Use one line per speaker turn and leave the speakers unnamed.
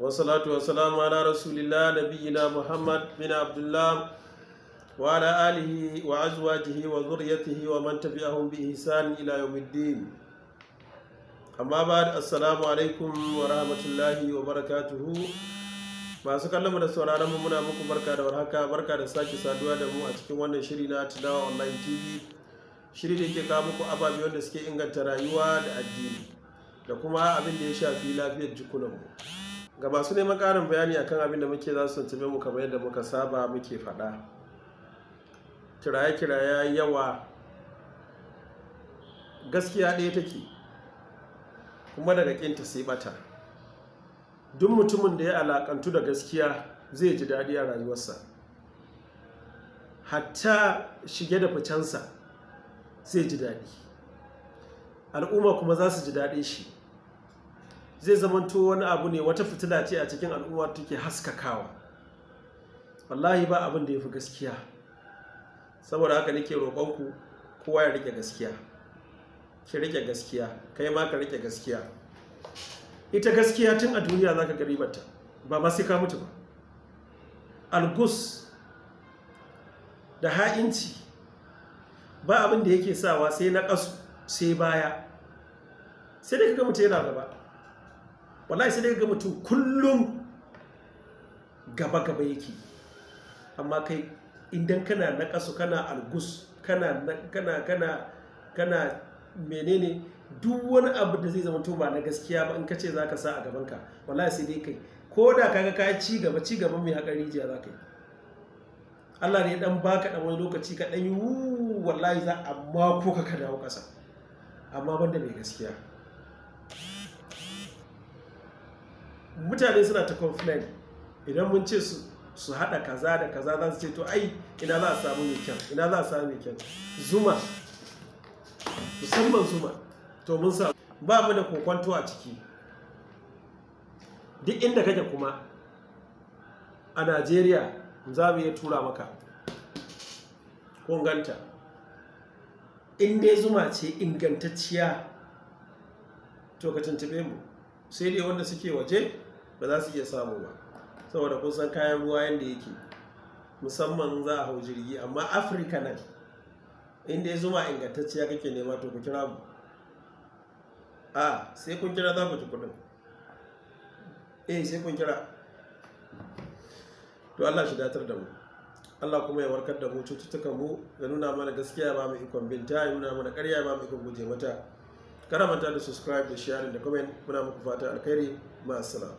wasalatu wasalamu ala rasulillah nabiyina muhammad bin abdullah wa ala alihi wa azwajihi wa zuriyatihi wa man tabi'ahum bi ihsan ila yawmiddin amma ba assalamu alaikum wa rahmatullahi wa barakatuhu masu kallon mu da sauraron mu muna muku barka da warhaka barka da sake saduwa da mu a cikin wannan shiri na tunawa Online TV shiri da ke kawo muku ababe da suke inganta rayuwa da addini da kuma abin da ya shafi lafiyar jikunanmu. mu ga masu neman ƙarin bayani akan abin da muke za su tuntube mu kamar yadda muka saba muke faɗa kiraye-kiraye yawa gaskiya ɗaya take kuma daga ƙinta sai bata duk mutumin da ya alakantu da gaskiya zai ji daɗi a rayuwarsa hatta shige da ficensa zai ji daɗi al'umma kuma za su ji daɗin shi zai zamanto wani abu ne wata fitila ce a cikin al'umma take haskakawa wallahi ba abin da ya fi gaskiya saboda haka nake roƙonku kowa ya rike gaskiya ki rike gaskiya kai ma ka rike gaskiya ita gaskiya tun a duniya za ka garibarta ba ma sai ka mutu ba algus da ha'inci ba abin da yake sawa sai na ƙasu sai baya sai da kaga mutu yana gaba wallahi sai dai ga mutum kullum gaba gaba yake amma kai idan kana na kasu kana algus kana kana kana kana menene duk wani abu da zai zama to ba na gaskiya ba in ka ce zaka sa a gaban ka wallahi sai dai kai ko da kaga ka ci gaba ci gaba mai hakari jiya zaka yi Allah ne dan baka dan wani lokaci ka dan yi wallahi za amma ko ka dawo kasa amma banda mai gaskiya mutane suna ta complain idan mun ce su su haɗa kaza da kaza za su ce to ai ina za a samu mai kyan? ina za a samu mai zuma musamman zuma to mun samu ba mu da kokonto a ciki duk inda kake kuma a najeriya za mu iya tura maka kunganta in dai zuma ce ingantacciya to ka tuntube mu sai dai wanda suke waje ba za su iya samu ba saboda kun san kayan ruwa yadda yake musamman za a hau jirgi amma afirka nan inda ya zuma ingantacciya kake nema to ku kira mu a sai kun kira za ku ci kudin eh sai kun kira to allah shi datar da mu Allah kuma ya warkar da mu cututtukan mu ya nuna mana gaskiya ba mu ikon binta ya nuna mana ƙarya ba mu ikon guje mata kada manta da subscribe da sharing da comment muna muku fata alkhairi ma